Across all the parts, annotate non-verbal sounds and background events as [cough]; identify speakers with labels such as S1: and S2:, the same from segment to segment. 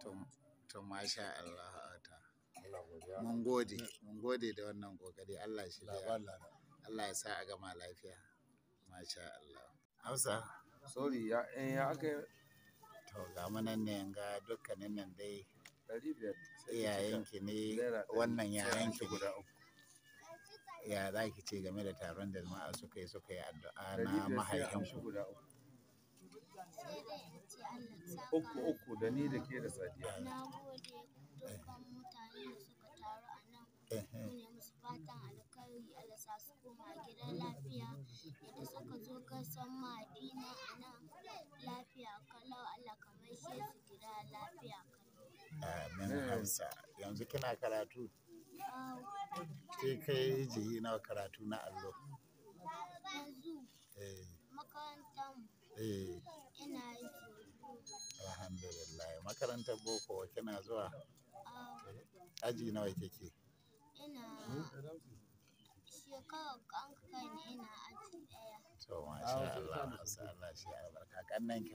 S1: to masha Allah ta mun gode mun gode da wannan kokari Allah shi Allah ya sa a gama lafiya masha
S2: Allah Hausa
S1: sorry ya eh ya aka to ga manan ne ga dukkanin nan dai iyayenki ne wannan yayanki guda uku ya za ki ce game da taron da jama'a suka yi suka yi addu'a na mahaifinku uku uku da ni da
S2: ke da sadiya. Na gode dukkan mutane da suka taru a nan. ne musu fatan alkhairi Allah sa su koma gidan lafiya. da suka zo kasan madina a nan lafiya kalau Allah kamar maishe su gida lafiya
S1: kalau. Amin yanzu kina karatu?
S2: Ke kai jihi
S1: na karatu na allo. Eh.
S2: makarantar Alhamdulillah.
S1: Makarantar boko kina zuwa?
S2: Um,
S1: aji nawa kike? Ina shekarar
S2: ƙanƙani ina aji ɗaya.
S1: To masha Allah, masha Allah shi albarka. Ƙannan ki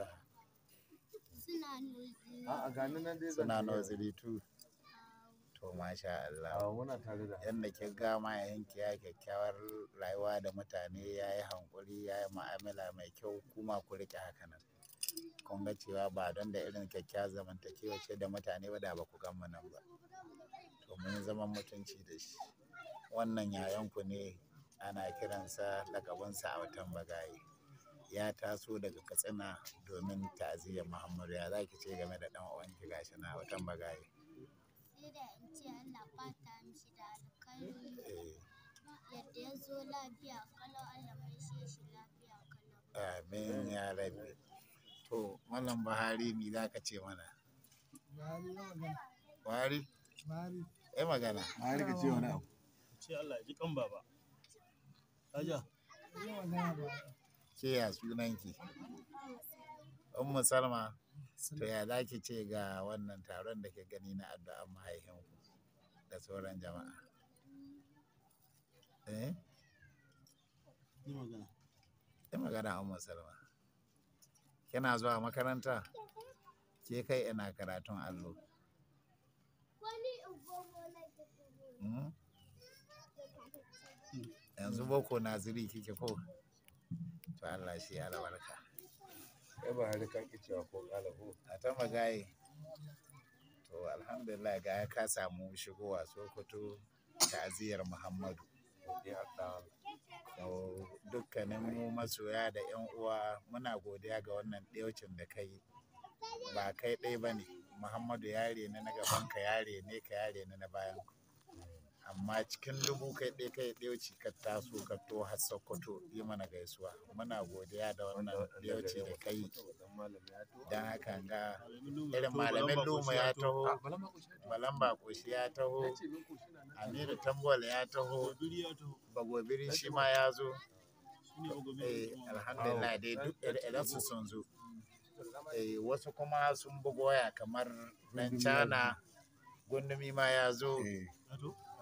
S2: Suna nursery. A ganin
S1: nan dai Suna nursery tu. Um, to masha Allah. Muna tare da. Yanda kin ga mayanki ya kyakkyawar rayuwa da mutane ya yi hankuri ya yi mu'amala mai kyau kuma ku riƙe haka nan. kun ga cewa ba don da irin kyakkyawar zamantakewa ce da mutane ba da ba ku gan nan ba to mun zaman mutunci da shi wannan yayanku ne ana kiransa lakabinsa a watan bagaye ya taso daga katsina domin taziya muhammadu ya za ki ce game da ɗan ki gashi na watan bagaye
S2: sai da Allah fata eh. yadda ya zo lafiya Allah shi lafiya
S1: amin ya rabi To, Malam Bahari mi za ka ce mana? Bahari? Buhari. Eh magana. Bahari ka ce wani abu.
S2: Ce Allah ji kan baba.
S1: Aja. Ke ya sunanki? Ummu Salma. To ya za ki ce ga wannan taron da ke gani na addu'an mahaihinku da sauran jama'a? Eh? Yi magana. Yi magana Ummu Salma. Kina zuwa makaranta? Ke kai ina karatun allo. Hmm? Hmm. Yanzu boko naziri kike ko? To Allah shi albarka. Kai ba har ka ki cewa ko galabo. A ta magaye. To alhamdulillah ga ka samu shigowa Sokoto aziyar Muhammadu. dukkanin mu masoya da 'yan uwa muna godiya ga wannan ɗaucin da ka yi. ba kai ɗaya ba ne muhammadu yare ne na gaban ka yare ne ka yare ne na bayan amma cikin dubu kai ɗaya kai ɗauci ka taso ka to har sokoto yi mana gaisuwa muna godiya da wannan ɗauci da kai don haka ga irin malamin luma ya taho balan bakoshi ya taho amiru tambol ya taho bagobiri shi ma ya zo eh, alhamdulillah dai duk irinsu sun zo eh, wasu kuma sun bugoya kamar nan cana gundumi ma ya zo eh.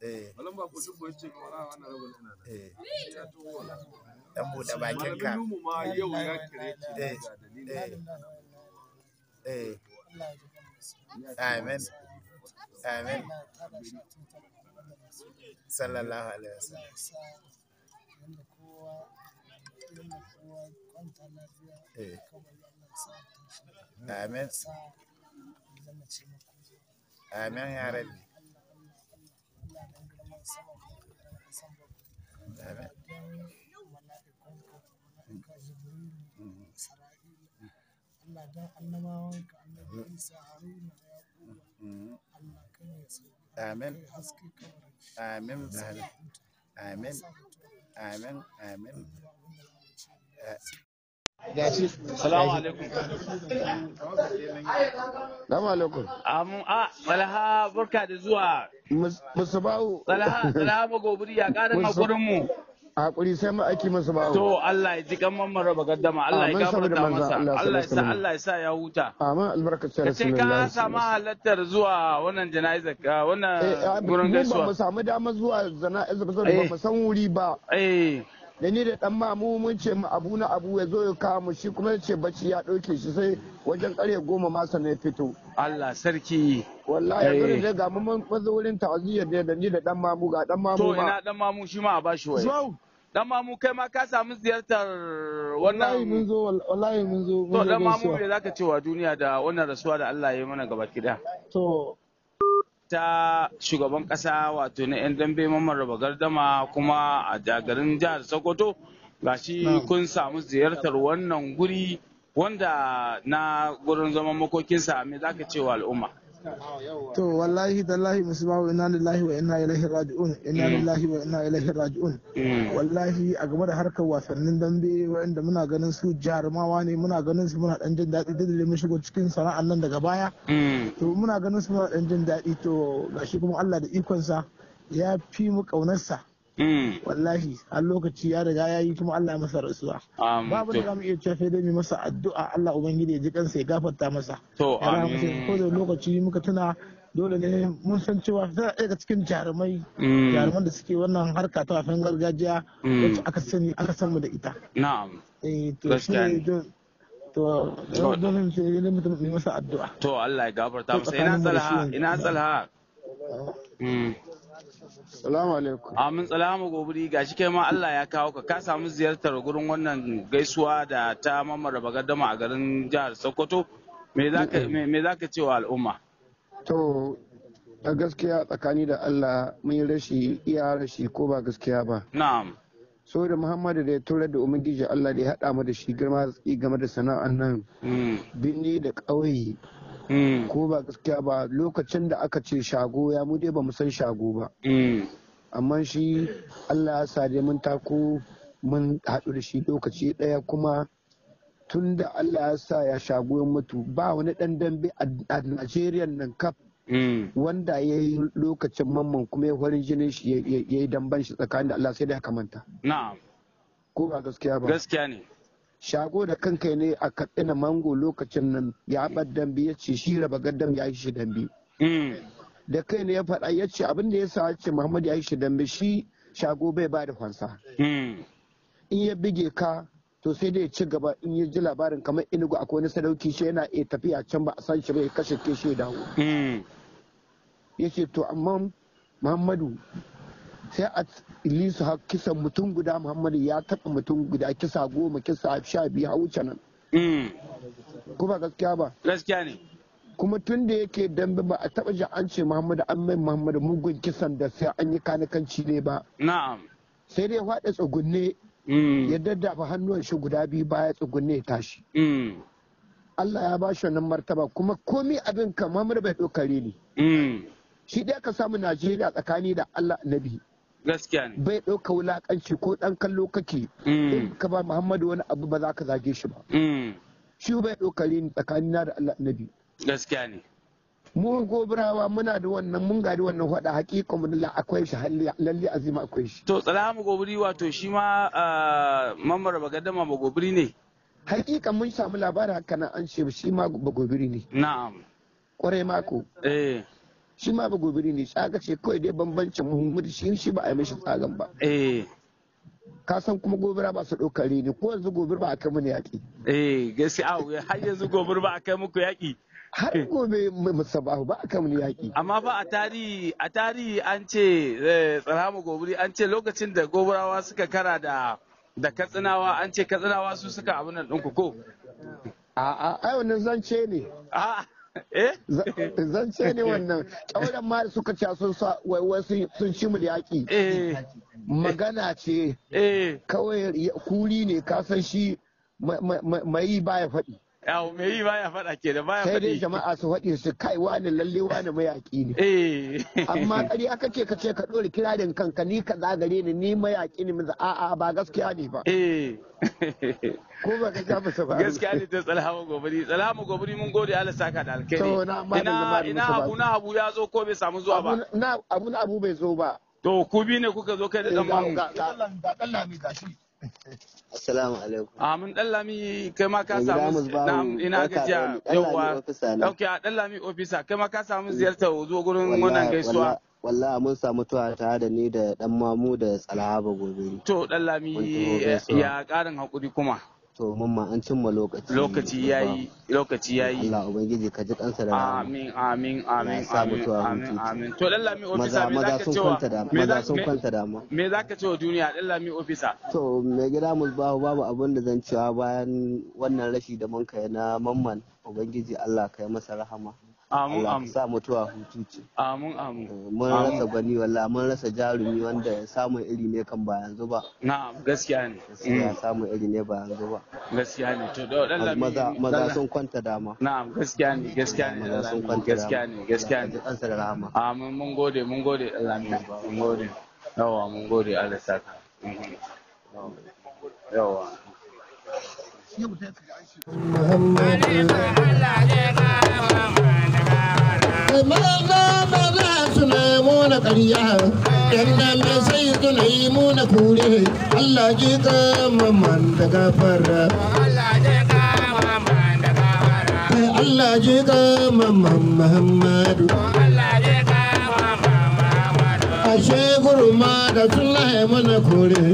S1: Eh. Eh.
S2: buɗe amen eh. sallallahu alaihi wasallam amen amen ya rabbi Amen, amen, amen, amen, amen,
S1: amen. Salamu alaikum.
S3: Salamu
S4: alaikum. Amin
S3: a Salaha barka da zuwa. Musu ba'u. Salaha magobiri ya ƙara hakurin mu.
S4: Hakuri sai ma aiki musu ba'u. To
S3: Allah ya ji kan mamman raba gaddama Allah ya gafarta masa Allah ya sa Allah ya sa ya huta.
S4: Amma albarkacin Rasulullah. Kace ka samu halattar
S3: zuwa wannan jana'izar ka wannan eh, gurin gaisuwa. Mun ba mu samu
S4: damar zuwa jana'izar ba mu eh. san wuri ba. Eh. da ni da dan mamu mun ce mu abu na abu ya zo ya kawo mu shi kuma ya ce bacci ya ɗauke shi sai wajen karya goma ma sannan fito.
S3: Allah sarki. Wallahi yanzu da
S4: eh. ga mu mun mazo wurin ta'aziyya da da ni da dan mamu ga dan mamu To ina
S3: dan mamu shi ma a bashi waye. Dan mamu kai ma ka samu ziyartar
S4: wannan. Wallahi mun zo wallahi mun zo. To dan mamu me
S3: zaka ce wa duniya da wannan rasuwa da Allah ya yi mana gaba kida. To ta shugaban kasa wato na 'yan dambe mamman raba gardama kuma a garin jihar sokoto gashi kun samu ziyartar wannan guri wanda na gurin zaman makokinsa me zaka cewa al'umma
S4: to wallahi tallahi musbahu ina lillahi wa ina ilaihi raji'un inna mm. lillahi wa ina ilahi raji'un mm. wallahi a game da harkar wasannin dambe wa'anda muna ganin su jarumawa ne muna ganin su muna dan jin daɗi da mun shigo cikin sana'an nan daga baya mm. to muna ganin su muna dan jin daɗi to gashi kuma Allah da ikonsa ya fi mu kaunarsa Mm. wallahi a lokaci ya riga ya yi kuma Allah masa rasuwa babu da mu iya cewa sai dai mu masa addu'a Allah ubangiji ya ji kansa ya gafarta masa to amin ko da lokaci muka tuna dole ne mun san cewa za a daga cikin jarumai mm. jaruman da suke wannan harka ta wasan gargajiya mm. wacce aka sani aka san mu da ita na'am eh to shi to dole ne mutum mai masa addu'a to
S3: Allah ya gafarta masa ina salha ina salha eh. Salamu alaikum. Amin salamu gobiri shi kai ma Allah ya kawo ka ka samu ziyartar gurin wannan gaisuwa da ta mamara bagadama a garin jihar Sokoto. Me za ka ce wa al'umma?
S4: To a gaskiya tsakani da Allah mun yi rashi iya rashi ko ba gaskiya ba. Na'am. so da muhammadu da ya tura da ubangiji allah da ya haɗa mu da shi girma game da sana'an nan mm. Bini da ƙauye Mm. ko ba gaskiya ba lokacin da aka ce shago ya mu dai ba mu san shago ba mm. amma shi allah ya sade mun tako mun haɗu da shi lokaci ɗaya kuma tun da allah ya sa ya shago ya mutu ba wani ɗan dambe a najeriya nan kaf mm. wanda ya yi lokacin mamman kuma ya farin jinin shi ya yi damban shi tsakanin da allah sai da ya kamanta ko ba gaskiya ba gaskiya ne shago da kankai ne a katsina mango lokacin nan ya bar dambe ya ce shi raba gaddam ya yi shi dambe mm. da kai ne ya faɗa ya ce abin da ya sa ce muhammad ya yi shi dambe shi shago bai ba da fansa mm. in ya bige ka to sai dai ya ci gaba in ya ji labarin kamar inugu akwai wani sadauki shi yana iya tafiya can ba a san shi ba ya kashe ke shi dawo mm. ya ce to amma muhammadu sai a ilisu kisa mutum guda muhammadu ya taɓa mutum guda kisa goma kisa sha biyu a wuce nan mm. kuma gaskiya ba gaskiya ne kuma tun da yake dambe ba a taba ji an ce muhammadu an mai muhammadu mugun kisan da sai an yi kanikanci ne ba na'am sai dai faɗa tsugunne mm. ya daddafa hannuwan shi guda biyu baya tsugunne ya tashi mm. Allah ya ba shi wannan martaba kuma komi abin kamar bai ɗaukare ne. Shi ɗaya ka samu Najeriya tsakani da Allah nabi. gaskiya ne bai ɗauka wulaƙanci ko ɗan kallo kake mm. in ka ba muhammadu wani abu ba za ka zage shi ba mm. shi bai ɗauka ni tsakanin na da allah annabi gaskiya ne mu gobirawa muna da wannan mun gari wannan hada hakika mun la akwai shi lalle azima akwai shi
S3: to salamu gobiri wato shi ma ah, mamar bagadama ba gobiri ne
S4: hakika mun samu labarin haka na an ce shi ma ba gobiri ne na'am Ƙwarai mako eh shi ma ba gobiri ne tsaga ce kawai dai bambancin muhimmi shi shi ba a yi mishi tsagan ba eh. ka san kuma gobira ba su ɗaukar ne ko yanzu gobir ba a kai mana yaƙi
S3: eh gaskiya har yanzu gobir ba a kai muku yaƙi har
S4: gobe musabahu ba a kan yaƙi.
S3: Amma ba a tarihi a tarihi an ce eh, tsarama gobiri an ce lokacin da goburawa suka kara da da katsinawa an ce katsinawa su suka abunan ɗinku ko?
S4: A'a ai wannan zance ne. A'a Eh? Zan ce ne wannan ƙyauren ma suka ce sun sa waiwai sun ci mu yaƙi eh. magana ce eh. kawai kuri ne kasan shi mai ba ya faɗi
S3: yawo me yi baya faɗa ke da baya faɗi sai dai jama'a
S4: su faɗi su kai wani lalle wani mayaƙi ne eh. [laughs] amma kari aka ce ka ce ka ɗori kirarin kanka ni ka zagare ni ni mayaƙi ne maza a'a ba gaskiya ne ba eh. ko ba ka ja musu ba gaskiya
S3: ne ta tsalhamu gobiri tsalhamu gobiri mun gode Allah saka da alkhairi ina ina abu na abu ya zo ko bai samu zuwa ba
S4: na abu na abu bai zo ba
S3: to ku bi ne kuka zo kai da eh, dan mamu ga
S4: Allah ga Allah
S3: Assalamu alaikum. Amin dan lami kai ma ka samu na'am ina gajiya yawa. a ofisa kai ma ka samu ziyartar zuwa gurin wannan gaisuwa. Wallah mun samu tuwa tare da ni da ɗan mamu da tsalaba gobe. To dan ya ƙarin haƙuri kuma. To mamma an cimma lokaci. Lokaci yayi lokaci yayi. Allah ubangiji ka ji kansa da Amin amin amin amin amin amin. To lallami ofisa me zaka cewa me za sun kwanta da ma. Me zaka cewa duniya lallami ofisa. To me gida mu babu babu abin da zan cewa bayan wannan rashi da mun kai na mamman ubangiji Allah ka yi masa rahama. Amin amin. sa mutuwa hutu ce. Amin amin. Eh, mun rasa gani walla mun rasa jarumi wanda ya samu iri ne kan ba yanzu ba. Na'am gaskiya ne. Gaskiya mm. samu iri ne ba yanzu ba. Gaskiya ne. To da dan lami. Maza maza sun kwanta dama. Na'am gaskiya ne gaskiya ne. Maza sun kwanta gaskiya ne gaskiya ne. Kansa da rahama. Amin mun gode mun gode ba Mun gode. Yawa mun gode Allah Yawa. Yau da ta ga Muhammadu
S2: Allah ya muna ƙarya yan dambe sai suna yi kure Allah ji kama man da gafara Allah ji kama man Muhammadu shekuru gurma da suna yi kore. kure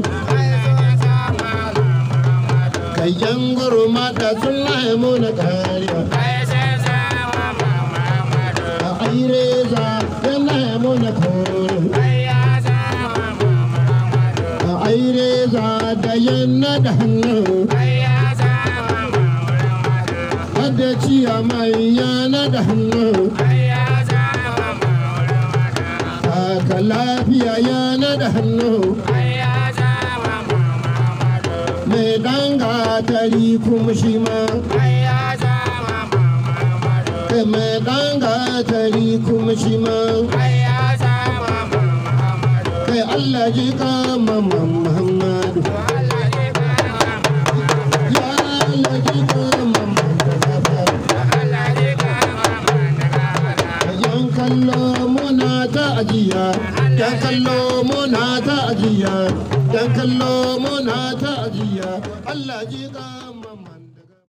S2: Kayyan gurma da suna yi kariya ireza yana muna koro a ireza da yana da hannu wadda ciya mai yana da hannu ka lafiya yana da hannu mai danga tari kuma shi ma ta mai ɗan gatari kuma shi ma kai Allah ji kama Muhammadu kallo muna ta ajiya yan kallo muna ta ajiya yan kallo muna ta ajiya Allah
S3: ji